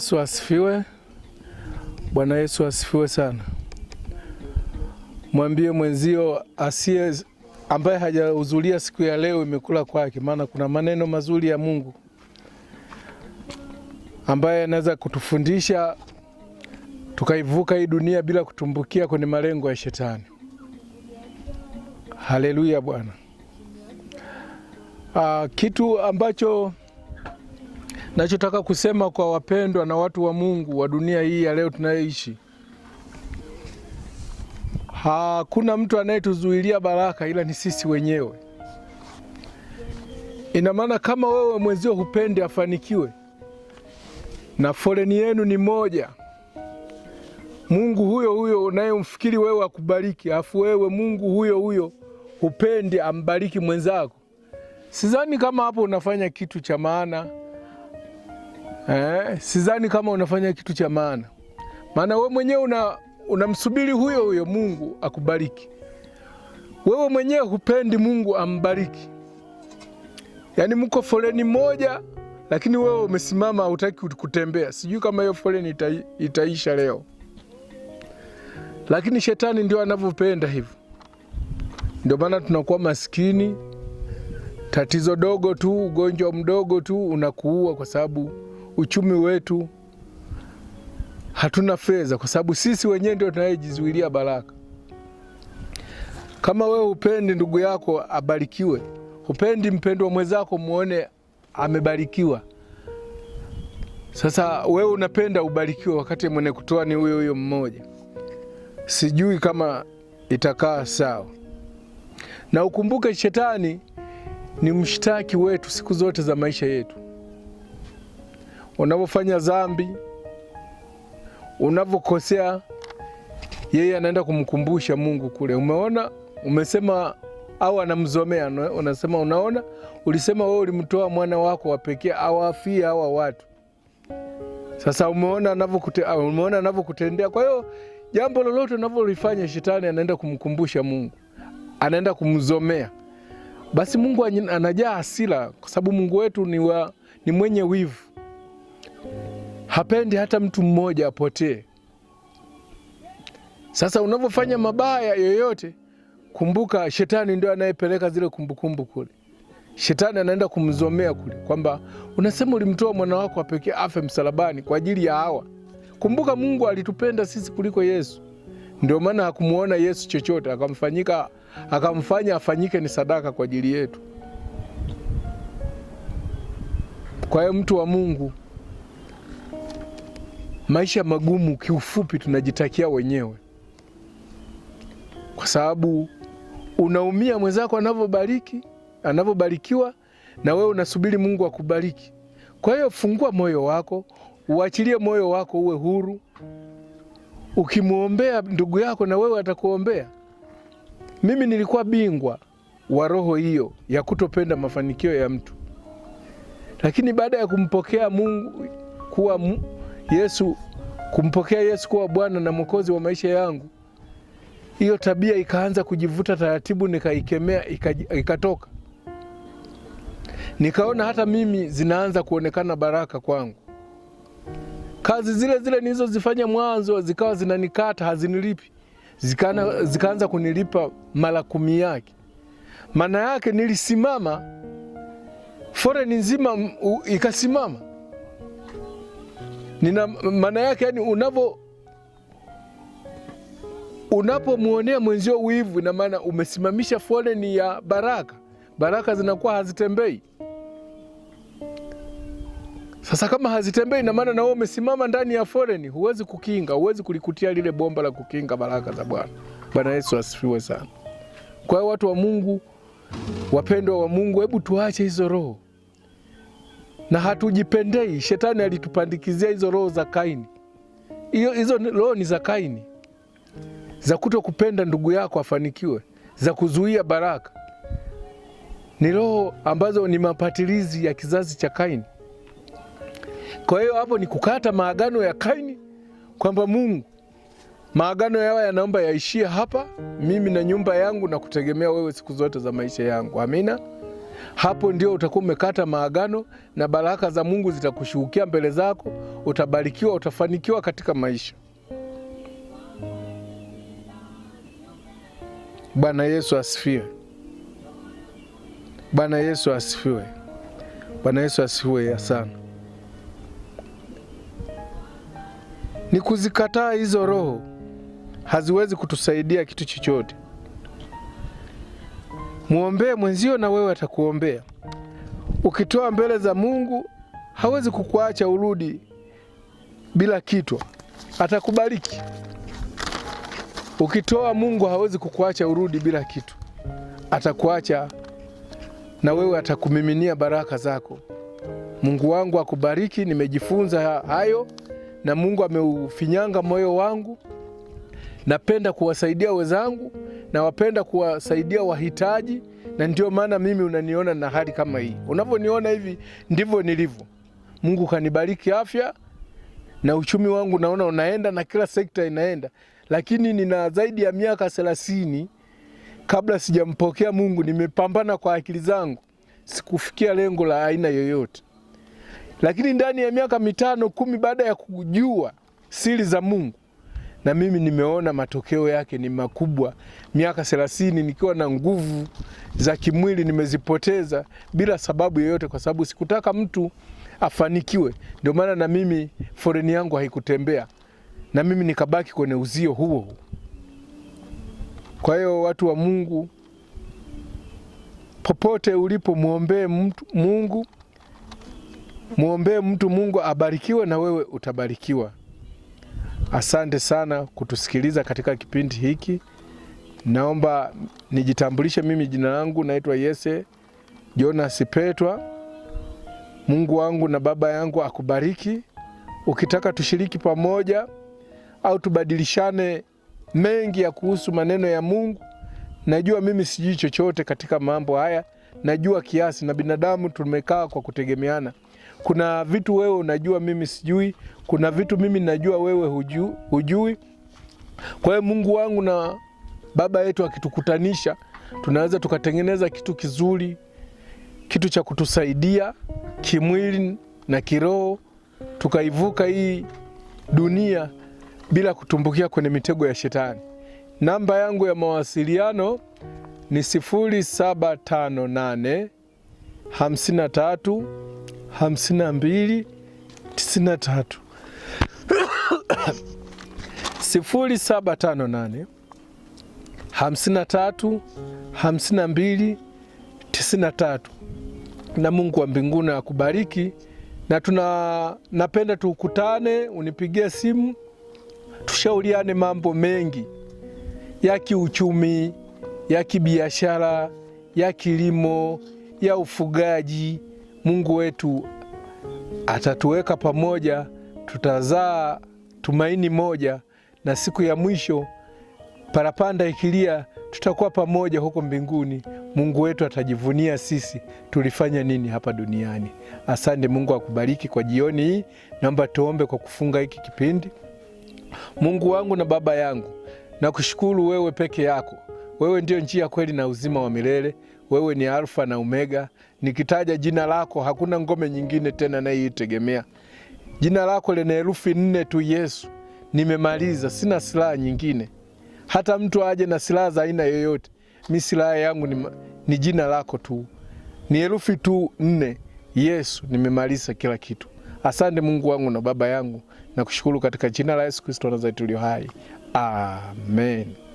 Yesu asifiwe. Bwana Yesu asifiwe sana. Mwambie mwenzio asiye ambaye hajahudhuria siku ya leo imekula kwake, maana kuna maneno mazuri ya Mungu ambaye anaweza kutufundisha tukaivuka hii dunia bila kutumbukia kwenye malengo ya shetani. Haleluya Bwana. Ah, kitu ambacho Nachotaka kusema kwa wapendwa na watu wa Mungu wa dunia hii ya leo tunayoishi, hakuna mtu anayetuzuilia baraka ila ni sisi wenyewe. Ina maana kama wewe mwenzio hupende afanikiwe na foleni yenu ni moja, Mungu huyo huyo unayemfikiri wewe akubariki, afu wewe Mungu huyo huyo hupende ambariki mwenzako, sidhani kama hapo unafanya kitu cha maana. Eh, sidhani kama unafanya kitu cha maana, maana we mwenyewe una unamsubiri huyo huyo Mungu akubariki wewe mwenyewe, hupendi Mungu ambariki. Yaani mko foleni moja, lakini wewe umesimama, hutaki kutembea. Sijui kama hiyo foleni ita, itaisha leo, lakini shetani ndio anavyopenda hivyo. Ndio maana tunakuwa maskini, tatizo dogo tu, ugonjwa mdogo tu unakuua kwa sababu uchumi wetu, hatuna fedha, kwa sababu sisi wenyewe ndio tunayejizuilia baraka. Kama wewe upendi ndugu yako abarikiwe, upendi mpendwa mwenzako muone amebarikiwa, sasa wewe unapenda ubarikiwe, wakati mwenye kutoa ni huyo huyo mmoja. Sijui kama itakaa sawa. Na ukumbuke shetani ni mshtaki wetu siku zote za maisha yetu unavyofanya dhambi, unavyokosea, yeye anaenda kumkumbusha Mungu kule. Umeona, umesema au anamzomea, unasema unaona, ulisema wewe ulimtoa mwana wako wa pekee awafie hawa watu. Sasa umeona anavyokutendea, ah, umeona anavyokutendea. Kwa hiyo jambo lolote unavyolifanya, shetani anaenda kumkumbusha Mungu, anaenda kumzomea. Basi Mungu anajaa hasira, kwa sababu Mungu wetu ni, wa, ni mwenye wivu hapendi hata mtu mmoja apotee. Sasa unavyofanya mabaya yoyote, kumbuka shetani ndio anayepeleka zile kumbukumbu kule. Shetani anaenda kumzomea kule kwamba unasema ulimtoa mwana wako apekee afe msalabani kwa ajili ya hawa. Kumbuka Mungu alitupenda sisi kuliko Yesu, ndio maana hakumwona Yesu chochote, akamfanyika akamfanya afanyike ni sadaka kwa ajili yetu. Kwa hiyo mtu wa Mungu maisha magumu kiufupi tunajitakia wenyewe, kwa sababu unaumia mwenzako anavyobariki anavyobarikiwa, na wewe unasubiri Mungu akubariki. Kwa hiyo fungua moyo wako, uachilie moyo wako uwe huru. Ukimwombea ndugu yako, na wewe atakuombea. Mimi nilikuwa bingwa wa roho hiyo ya kutopenda mafanikio ya mtu, lakini baada ya kumpokea Mungu kuwa Yesu, kumpokea Yesu kuwa Bwana na Mwokozi wa maisha yangu, hiyo tabia ikaanza kujivuta taratibu, nikaikemea ikatoka. Nikaona hata mimi zinaanza kuonekana baraka kwangu. Kazi zile zile nilizozifanya mwanzo zikawa zinanikata, hazinilipi, zikaana, zikaanza kunilipa mara kumi yake. Maana yake nilisimama, foreni nzima ikasimama nina maana yake, yani unavo unapomwonea mwenzio wivu, ina maana umesimamisha foleni ya baraka, baraka zinakuwa hazitembei. Sasa kama hazitembei, ina maana na wewe umesimama ndani ya foleni, huwezi kukinga, huwezi kulikutia lile bomba la kukinga baraka za Bwana. Bwana Yesu asifiwe sana. Kwa hiyo watu wa Mungu, wapendwa wa Mungu, hebu tuache hizo roho na hatujipendei. Shetani alitupandikizia hizo roho za Kaini. Hiyo hizo roho ni za Kaini, za kuto kupenda ndugu yako afanikiwe, za kuzuia baraka. Ni roho ambazo ni mapatilizi ya kizazi cha Kaini. Kwa hiyo hapo ni kukata maagano ya Kaini kwamba Mungu, maagano yao yanaomba yaishie hapa, mimi na nyumba yangu, na kutegemea wewe siku zote za maisha yangu. Amina. Hapo ndio utakuwa umekata maagano na baraka za Mungu zitakushuhukia mbele zako. Utabarikiwa, utafanikiwa katika maisha. Bwana Yesu asifiwe! Bwana Yesu asifiwe! Bwana Yesu asifiwe sana. Ni kuzikataa hizo roho, haziwezi kutusaidia kitu chochote mwombee mwenzio na wewe atakuombea. Ukitoa mbele za Mungu hawezi kukuacha urudi bila kitwa, atakubariki. Ukitoa Mungu hawezi kukuacha urudi bila kitu, atakuacha na wewe atakumiminia baraka zako. Mungu wangu akubariki. Nimejifunza hayo na Mungu ameufinyanga moyo wangu. Napenda kuwasaidia wenzangu nawapenda kuwasaidia wahitaji, na ndio maana mimi unaniona na hali kama hii unavyoniona hivi, ndivyo nilivyo. Mungu kanibariki afya na uchumi wangu naona unaenda na kila sekta inaenda, lakini nina zaidi ya miaka thelathini kabla sijampokea Mungu. Nimepambana kwa akili zangu, sikufikia lengo la aina yoyote, lakini ndani ya miaka mitano kumi baada ya kujua siri za Mungu na mimi nimeona matokeo yake ni makubwa. Miaka thelathini nikiwa na nguvu za kimwili nimezipoteza bila sababu yoyote, kwa sababu sikutaka mtu afanikiwe. Ndio maana na mimi foreni yangu haikutembea, na mimi nikabaki kwenye uzio huo. Kwa hiyo watu wa Mungu, popote ulipo, mwombee mtu Mungu, mwombee mtu Mungu abarikiwe, na wewe utabarikiwa. Asante sana kutusikiliza katika kipindi hiki. Naomba nijitambulishe, mimi jina langu naitwa Yese Jonas Petwa. Mungu wangu na baba yangu akubariki. Ukitaka tushiriki pamoja au tubadilishane mengi ya kuhusu maneno ya Mungu, najua mimi sijui chochote katika mambo haya, najua kiasi, na binadamu tumekaa kwa kutegemeana. Kuna vitu wewe unajua mimi sijui, kuna vitu mimi najua wewe hujui, hujui. Kwa hiyo Mungu wangu na Baba yetu akitukutanisha, tunaweza tukatengeneza kitu kizuri, kitu cha kutusaidia kimwili na kiroho, tukaivuka hii dunia bila kutumbukia kwenye mitego ya shetani. Namba yangu ya mawasiliano ni 0758 53 hamsini na mbili tisini na tatu sifuri saba tano nane hamsini na tatu hamsini na mbili tisini na tatu. Na Mungu wa mbinguni akubariki, na tuna napenda tukutane, unipigie simu tushauriane mambo mengi ya kiuchumi, ya kibiashara, ya kilimo, ya ufugaji Mungu wetu atatuweka pamoja, tutazaa tumaini moja, na siku ya mwisho parapanda ikilia, tutakuwa pamoja huko mbinguni. Mungu wetu atajivunia sisi tulifanya nini hapa duniani. Asante, Mungu akubariki kwa jioni hii. Naomba tuombe kwa kufunga hiki kipindi. Mungu wangu na Baba yangu, nakushukuru wewe peke yako. Wewe ndio njia, kweli na uzima wa milele wewe ni Alfa na Omega. Nikitaja jina lako hakuna ngome nyingine tena nayoitegemea. Jina lako lina herufi nne tu, Yesu. Nimemaliza, sina silaha nyingine. Hata mtu aje na silaha za aina yoyote, mi silaha yangu ni, ni jina lako tu, ni herufi tu nne, Yesu. Nimemaliza kila kitu. Asante Mungu wangu na Baba yangu, nakushukuru katika jina la Yesu Kristo Nazareti ulio hai, amen.